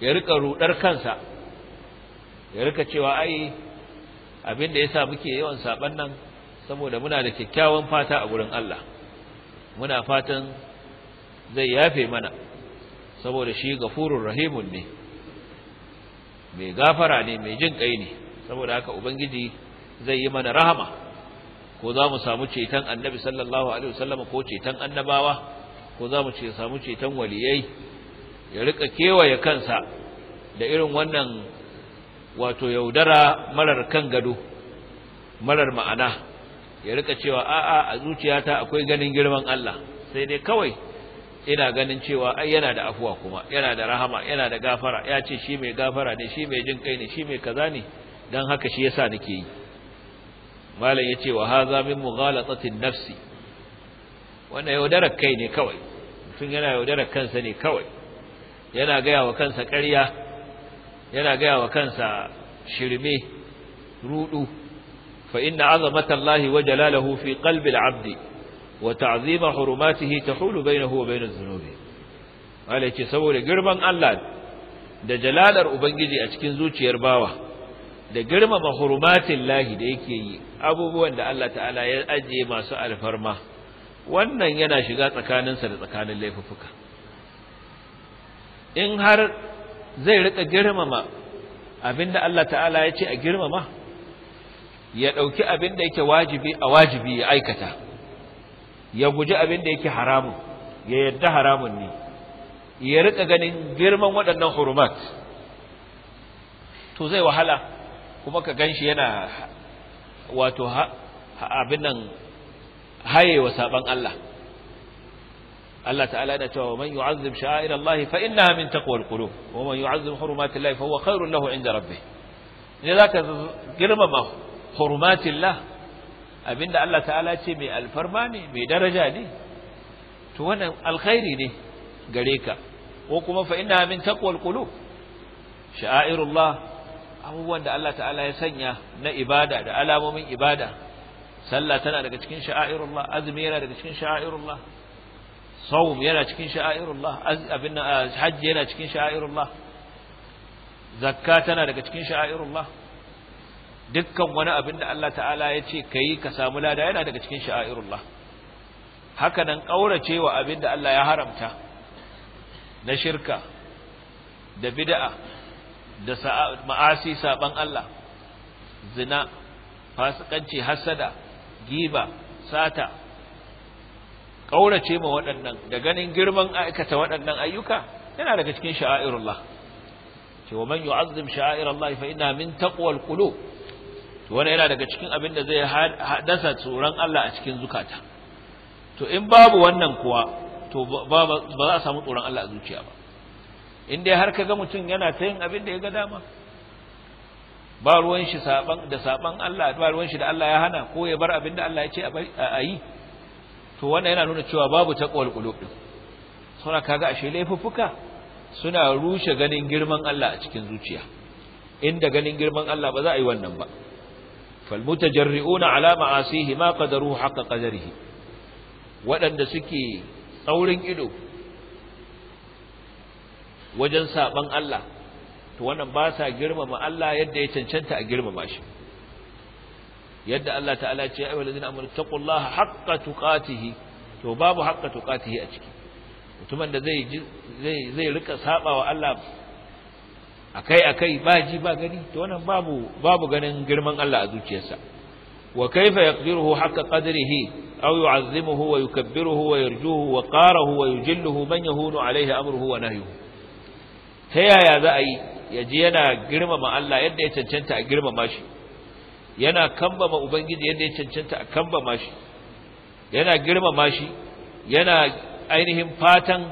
ya rika rudar kansa ya rika cewa ai abin da yasa muke yawan saban nan saboda muna da kyakkyawan fata a gurin Allah muna fatan zai yafe mana saboda shi gafurur rahimun ne mai gafara ne mai jin kai ne saboda haka ubangiji zai yi mana rahama ko za mu samu ceton annabi sallallahu alaihi wasallam ko ceton annabawa ko za mu samu ceton waliyai ya rika kewaye kansa da irin wannan wato yaudara marar kan gado marar ma'ana ya rika cewa a'a a zuciyata akwai ganin girman Allah sai dai kawai ina ganin cewa ai yana da afuwa kuma yana da rahama yana da gafara ya ce shi mai gafara ne shi mai jin kai ne shi mai kaza ne dan haka shi yasa nake yi malam yace wa haza min mughalatatin nafsi wannan yaudarar kai ne kawai mutum yana yaudarar kansa ne kawai yana gaya wa kansa ƙarya yana gaya wa kansa shirme rudu fa inna azamatallahi wa jalaluhu fi qalbi abdi wa حرماته تحول بينه وبين الذنوب bainaz zunubi Allah ce saboda girman Allah da jalalar ubangiji a cikin zuciyar bawa da girmama hurumatin lahi da yake yi abubuwan da Allah ta'ala ya ajiye masu alfarma wannan yana shiga tsakaninsa da tsakanin laifuffuka in har zai rika girmama abinda Allah ta'ala ya ce a girmama ya dauki abinda yake wajibi a wajibi ya aikata ya guji abin da yake haramun ya yadda haramun ne ya rika ganin girman waɗannan hurumat to zai wahala kuma ka ganshi yana wato abin nan hayewa saban Allah Allah ta'ala yana cewa man yu'azzim sha'air Allah fa innaha min taqwal qulub wa man yu'azzim hurumatillahi fa huwa khairun lahu 'inda rabbih ne zaka girmama hurumatillah abinda Allah ta'ala ce mai alfarma ne mai daraja ne to wannan alkhairi ne gare ka ko kuma fa inna min taqwal qulub sha'airullah abubuwan da Allah ta'ala ya sanya na ibada da alamomin ibada sallah tana daga cikin sha'airullah azumi yana daga cikin sha'airullah sawm yana cikin sha'airullah abin hajji yana cikin sha'airullah zakka tana daga cikin sha'airullah dukkan wani abin da Allah ta'ala ya ce kai ka samu lada yana daga cikin sha'airullah haka nan kaurace wa abin da Allah ya haramta na shirka da bid'a da ma'asi saban Allah zina fasikanci hasada giba sata kaurace ma waɗannan da ganin girman aikata waɗannan ayyuka yana daga cikin sha'airullah ce wa man yu'azzim sha'airullah fa inna min taqwal qulub to wani yana daga cikin abin da zai haddasa tsoron Allah a cikin zukata to in babu wannan kuwa to ba za a samu tsoron Allah a zuciya ba in dai har kaga mutum yana ta yin abin da ya ga dama ba ruwan shi saban da saban Allah ba ruwan shi da Allah ya hana ko ya bar abin da Allah ya ce a yi to wannan yana nuna cewa babu taqwal qulub din suna kaga ashe laifuffuka suna rushe ganin girman Allah a cikin zuciya inda ganin girman Allah ba za a yi wannan ba falmutajarri'una ala ma'asihi ma qadaru haqqa qadarihi waɗanda suke tsaurin ido wajen saban Allah to wannan ba sa girmama Allah yadda ya cancanta a girmama shi yadda Allah ta'ala ya ce ayyuhal ladina amanu taqullaha haqqa tuqatihi to babu haqqa tuqatihi a ciki mutumin da zai zai zai rika sabawa Allah akai akai ba ji ba gani to wannan babu babu ganin girman Allah a zuciyarsa wa kaifa yaqdiruhu haqqa qadrihi aw yu'azzimuhu wa yukabbiruhu wa yarjuhu wa qarahu wa yujilluhu man yahunu alayhi amruhu wa nahyuhu ta yaya za a yi ji yana girmama Allah yadda ya cancanta a girmama shi yana kambama ubangiji yadda ya cancanta a kambama shi yana girmama shi yana ainihin fatan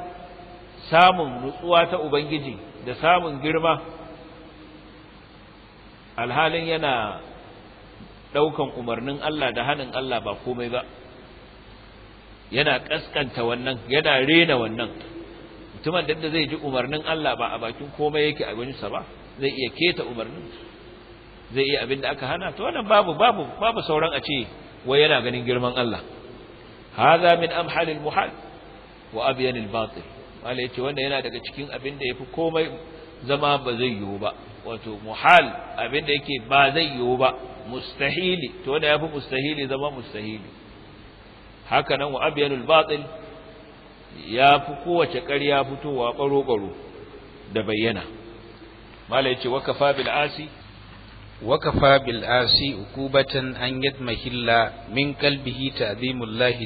samun nutsuwa ta ubangiji da samun girma alhalin yana ɗaukan umarnin Allah da hanin Allah ba komai ba yana ƙasƙanta wannan yana rena wannan mutumin da zai ji umarnin Allah ba a bakin komai yake a sa ba zai iya keta umarnin zai iya abin da aka hana to wannan babu babu babu sauran a ce wai yana ganin girman Allah hadha min amhalil muhal wa abyanil batil mala yace wanda yana daga cikin abin da fi komai zama ba zai yiwu ba wato muhal abin da yake ba zai yiwu ba mustahili to wanda yafi mustahili zama mustahili haka nan wa abyalul batil fi kowace ƙarya fitowa baro da bayyana mala yace wa kafa bil asi وكفى بالآسي عقوبة أن يدمهل من قلبه تعظيم الله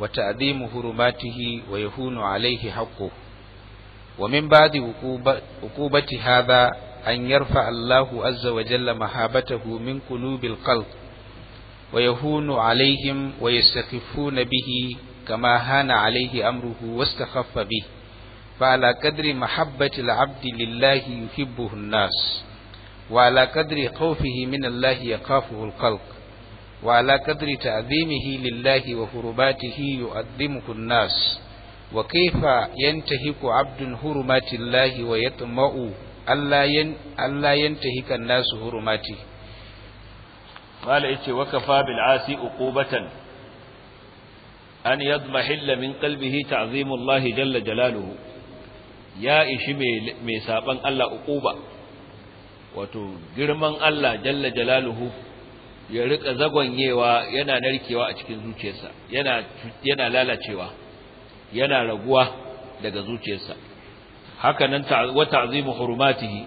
وتعظيم حرماته ويهون عليه حقه ومن بعد عقوبة هذا أن يرفع الله عز وجل محابته من قلوب القلب ويهون عليهم ويستخفون به كما هان عليه أمره واستخف به فعلى قدر محبة العبد لله يحبه الناس وعلى قدر خوفه من الله يخافه الخلق وعلى قدر تعظيمه لله وحرماته يؤذمه الناس وكيف ينتهك عبد حرمات الله ويطمع ألا ينتهك الناس حرماته قال إيتي وكفى بالعاسي أقوبة أن يضمحل من قلبه تعظيم الله جل جلاله يا إشي ميسابا ألا أقوبة وتجرما ألا جل جلاله ya rika zagonyewa yana narkewa a cikin zuciyarsa yana yana lalacewa yana raguwa daga zuciyarsa haka nan wa ta'zimu hurumatihi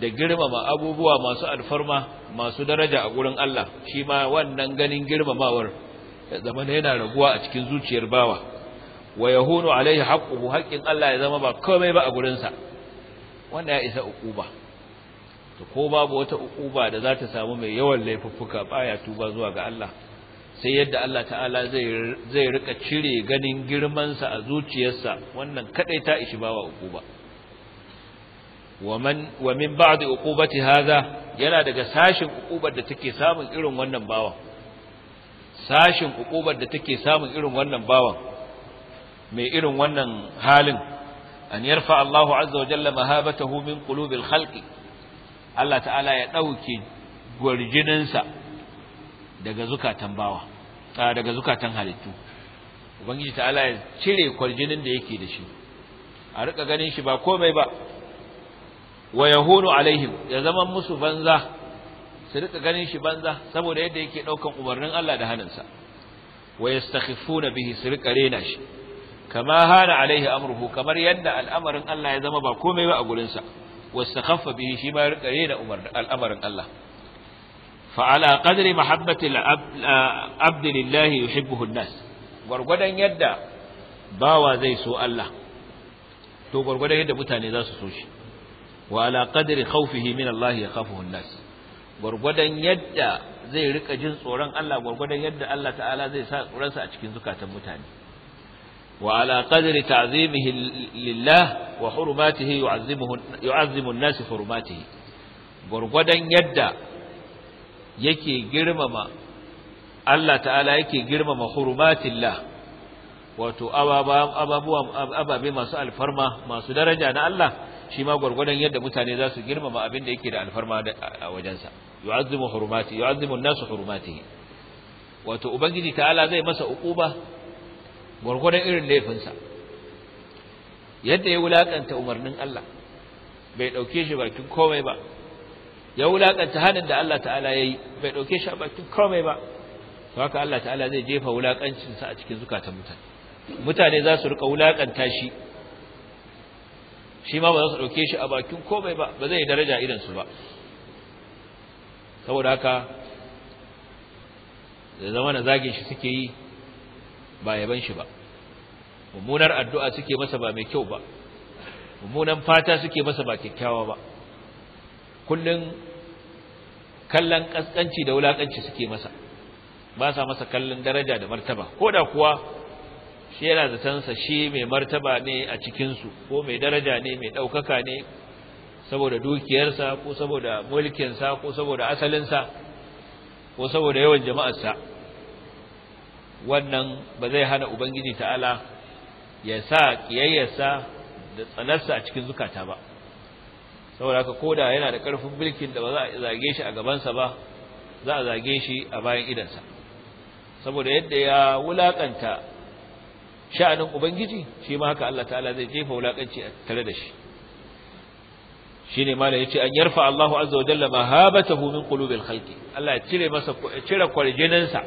da girmama abubuwa masu alfarma masu daraja a gurin Allah shi ma wannan ganin girmamawar ya zama yana raguwa a cikin zuciyar bawa wa yahunu alaihi haqquhu haqqin Allah ya zama ba komai ba a gurin sa wanda ya isa ba. to ko babu wata ukuba da za ta samu mai yawan laifuffuka baya tuba zuwa ga Allah sai yadda Allah ta'ala zai zai rika cire ganin girman sa a zuciyarsa wannan kadai ta ishi bawa ukuba waman wa min ba'd uqubati hadha yana daga sashin ukubar da take samun irin wannan bawan sashin da take samun irin wannan bawa mai irin wannan halin an yarfa Allahu azza wa jalla mahabatahu min qulubil khalqi Allah ta'ala ya ɗauke gwarjininsa daga zukatan bawa daga zukatan halittu ubangiji ta'ala ya cire kwarjinin da yake da shi a rika ganin shi ba komai ba wa yahunu alaihim ya zama musu banza su rika ganin shi banza saboda yadda yake ɗaukan umarnin Allah da hannunsa wa yastakhifuna bihi su rika rena shi kama hana alaihi amruhu kamar yadda al'amarin Allah ya zama ba komai ba a gurinsa sa Wasu wastakhaffa bihi shi ma rika rena al'amarin Allah fa'ala qadri mahabbati al-abd lillah yuhibbuhu nas gurgudan yadda bawa zai so Allah to gurgudan yadda mutane za su so shi wa ala qadri khawfihi min Allah yakhafuhu nas gurgudan yadda zai rika jin tsoron Allah gurgudan yadda Allah ta'ala zai sa tsoron sa a cikin zukatan mutane وعلى قدر تعظيمه لله وحرماته يعظمه يعظم الناس حرماته gurgudan yadda yake girmama Allah ta'ala yake girmama hurumatillah wato ababuwa ababe masu alfarma masu daraja na Allah shi ma gurgudan yadda mutane za su girmama abin da yake da alfarma a wajensa yu'azzimu hurumati yu'azzimu an-nasu hurumatihi wato ubangiji ta'ala zai masa uquba gwargwadon irin laifinsa yadda ya wulaƙanta umarnin Allah bai ɗauke shi bakin komai ba ya wulaƙanta hannun da Allah ta'ala ya yi, bai ɗauke shi bakin komai ba to haka Allah ta'ala zai jefa wulaƙancinsa a cikin zukatan mutane mutane za su rika wulaƙanta shi shi ma ba za su ɗauke shi a bakin komai ba ba zai yi daraja irinsu ba saboda haka da zama na zagin shi suke yi ba yaban shi ba mummunar addu'a suke masa ba mai kyau ba mummunan fata suke masa ba kyakkyawa ba kullum kallon ƙasƙanci da wulaƙanci suke masa ba sa masa kallon daraja da martaba ko da kuwa shi yana zatansa shi mai martaba ne a cikinsu ko mai daraja ne mai ɗaukaka ne saboda dukiyarsa ko saboda mulkinsa ko saboda asalinsa ko saboda yawan jama'arsa wannan ba zai hana ubangiji ta'ala ya sa ƙiyayyarsa da tsanarsa a cikin zukata ba saboda haka koda yana da ƙarfin bilkin da ba za a zage shi a gabansa ba za a zage shi a bayan idansa saboda yadda ya wulaƙanta sha'anin ubangiji shi ma haka Allah ta'ala zai jefa wulakanci tare da shi Shi shine ya ce an yarfa Allahu azza wa jalla mahabatahu min qulubil khalqi Allah ya cire masa cire kwarjininsa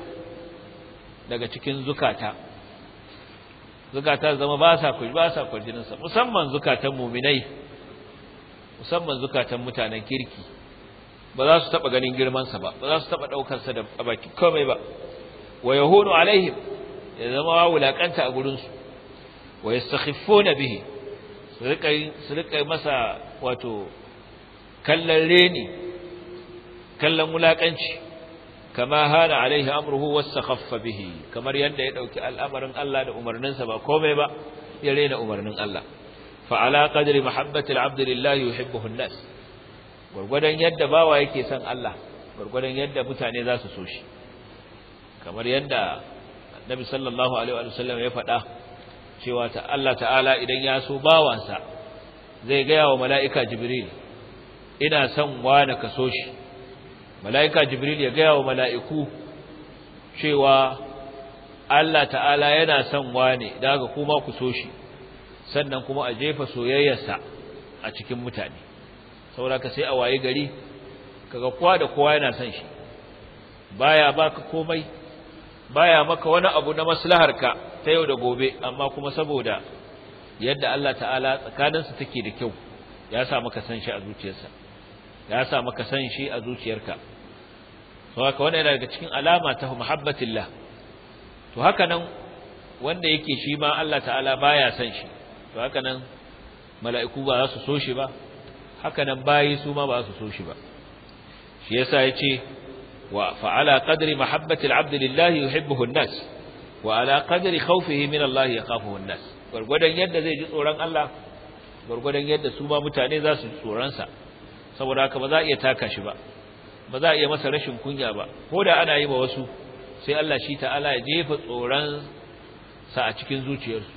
daga cikin zukata zukata zama ba sa kuji ba sa kujinin sa musamman zukatan mu'minai musamman zukatan mutanen kirki ba za su taba ganin girmansa ba ba za su taba daukar da baki komai ba wa yahunu alaihim ya zama wulakanta a gurin su wa yastakhifuna bihi su rika su rika masa wato kallon reni kallon wulakanci kama hana alaihi amruhu kamar yadda ya ɗauki al'amarin Allah da umarninsa ba komai ba ya rena umarnin Allah fa ala qadri yadda mutane za su so kamar yadda Nabi sallallahu alaihi wa sallam ya faɗa cewa ta Allah ta'ala idan ya so bawansa zai gaya wa mala'ika Jibril ina son na ka so shi mala'ika jibril ya gaya wa mala'iku cewa Allah ta'ala yana son wane da kuma ku so shi sannan kuma a jefa soyayyarsa a cikin mutane sauraka sai a waye gari kaga kowa da kowa yana son shi baya baka komai baya maka wani abu na maslaharka ta yau da gobe amma kuma saboda yadda Allah ta'ala tsakaninsu take da kyau ya sa maka san shi a zuciyarsa ya sa maka san shi a zuciyarka to haka wannan yana daga cikin alama ta muhabbatillah to haka nan wanda yake shi ma Allah ta'ala baya san shi to haka nan mala'iku ba za su so shi ba haka nan bayi su ma ba su so shi ba shi yasa yace wa fa'ala qadri mahabbatil abd lillah yuhibbuhu an-nas wa ala qadri khawfihi min Allah yakhafuhu an-nas gurgudan yadda zai ji tsoron Allah gurgudan yadda su ma mutane za su tsoron sa saboda haka ba za a iya taka shi ba ba za a iya masa rashin kunya ba ko da ana yi ba wasu sai Allah shi ta'ala ya jefa tsoron sa a cikin zuciyarsu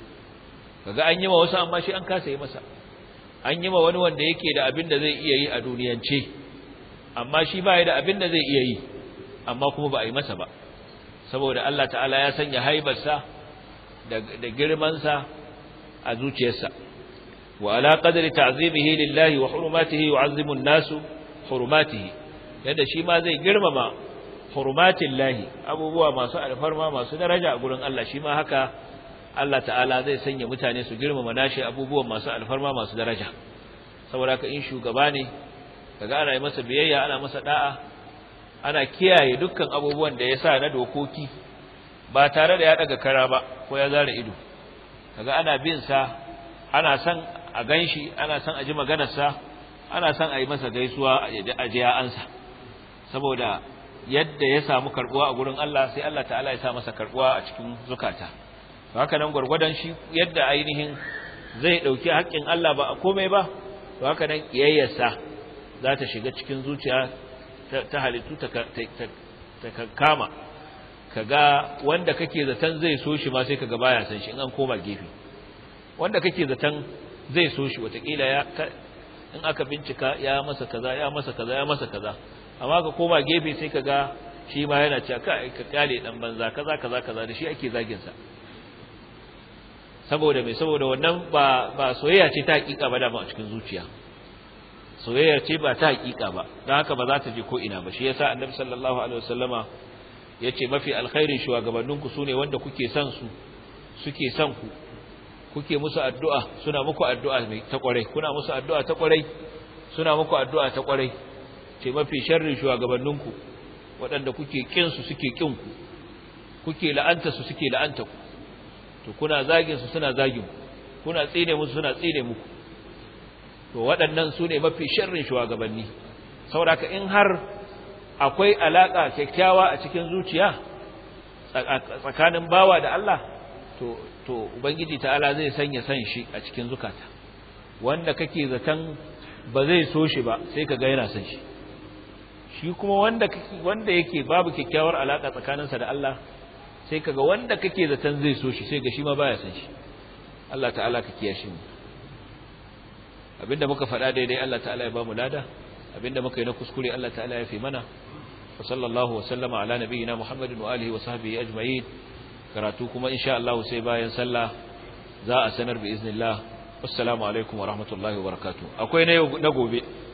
kaga an yi ma wasu amma shi an kasa yi masa an yi ma wani wanda yake da abin da zai iya yi a duniyance amma shi ba da abin da zai iya yi amma kuma ba a yi masa ba saboda Allah ta'ala ya sanya haibarsa da girmansa a zuciyarsa wa قدر تعظيمه لله وحرماته wa الناس حرماته nasu yadda shi ma zai girmama hurumatin lahi abubuwa masu alfarma masu daraja a gurin Allah shi ma haka Allah ta'ala zai sanya mutane su girmama nashi abubuwan masu alfarma masu daraja saboda ka in shugaba ne kaga ana masa biyayya ana masa da'a ana kiyaye dukkan abubuwan da ya sa na dokoki ba tare da ya daga kara ba ko ya zara ido kaga ana bin sa ana san a gan shi ana san a ji maganarsa ana san a yi masa gaisuwa a ji ansa saboda yadda ya samu karbuwa a gurin Allah sai Allah ta'ala ya sa masa karbuwa a cikin zukata haka nan gwargwadon shi yadda ainihin zai ɗauki haƙƙin Allah ba a komai ba to haka nan ƙiyayyarsa za ta shiga cikin zuciya ta halittu ta kama kaga wanda kake zaton zai so shi ma sai kaga baya san shi in an koma gefe wanda kake zaton zai so shi watakila ya in aka bincika ya masa kaza ya masa kaza ya masa kaza amma ka koma gefe sai ka ga shi ma yana cewa ka ka kale dan banza kaza kaza kaza da shi ake zagin sa saboda me saboda wannan ba ba soyayya ce ta hakika ba da ba a cikin zuciya soyayya ce ba ta hakika ba don haka ba za ta je ko ina ba shi yasa annabi sallallahu alaihi wasallama yace mafi alkhairi shugabannin ku sune wanda kuke son su suke son ku kuke musu addu'a suna muku addu'a ta ƙwarai? kuna musu addu'a ta ƙwarai? suna muku addu'a ta ƙwarai? ce mafi sharri shugabanninku waɗanda kuke ƙinsu suke ƙinku? kuke la'anta su suke la'anta ku to kuna zagin su suna zagin kuna tsine musu suna tsine muku to waɗannan su ne mafi sharrin shugabanni saboda in har akwai alaƙa kyakkyawa a cikin zuciya tsakanin bawa da Allah to to ubangiji ta'ala zai sanya san shi a cikin zukata wanda kake zaton ba zai so shi ba sai ka ga yana san shi shi kuma wanda wanda yake babu kyakkyawar alaka tsakaninsa da Allah sai kaga wanda kake zaton zai so shi sai ga shi ma baya san shi Allah ta'ala ka kiyashe mu abinda muka faɗa daidai Allah ta'ala ya ba mu lada abinda muka yi na kuskure Allah ta'ala ya fi mana wa sallallahu wa sallama ala nabiyyina Muhammadin wa alihi wa sahbihi ajma'in karatu kuma insha Allah sai bayan sallah za a sanar bi iznillah assalamu alaikum wa rahmatullahi wa barakatuh akwai na gobe